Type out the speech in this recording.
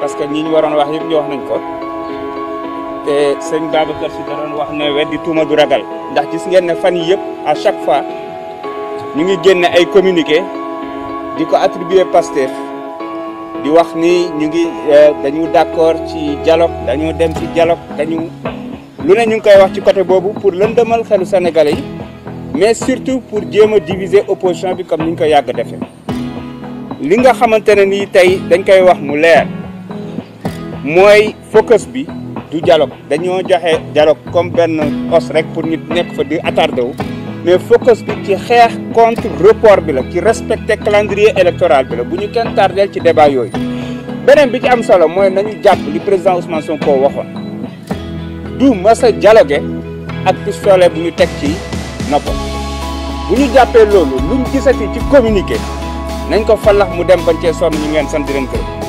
parce que ñi ñu waroon wax yëpp ñu wax nañ ko te sëñ Babacar Si da doon wax ne weddi tuuma du ragal ndax gis ngeen ne fan yi yëpp à chaque fois ñu ngi génne ay communiqué di ko attribuer Pastef di wax ni ñu ngi euh, dañu d'accord ci dialogue dañu dem ci dialogue dañu lu ne ñu ngi koy wax ci côté boobu pour lëndëmal xelu Sénégalais yi mais surtout pour jéem a diviser opposition bi comme ni ñu ko yàgg defee li nga xamante ne nii tey dañ koy wax mu leer moy focus bi du dialogue dañu joxe dialogue comme ben os rek pour nit nek fa di attardé mais focus bi ci xeex contre report bi la ci respecter calendrier électoral bi la bu ñu kenn tardeel ci débat yoy beneen bi ci am solo moy nañu japp li président Ousmane Sonko waxoon du massa a dialogué ak pistolet bu ñu teg ci noppam buñu jappé lolu loolu luñ ci communiquer nañ ko falax mu dem ban ci son ñu ngeen sant di leen gërëm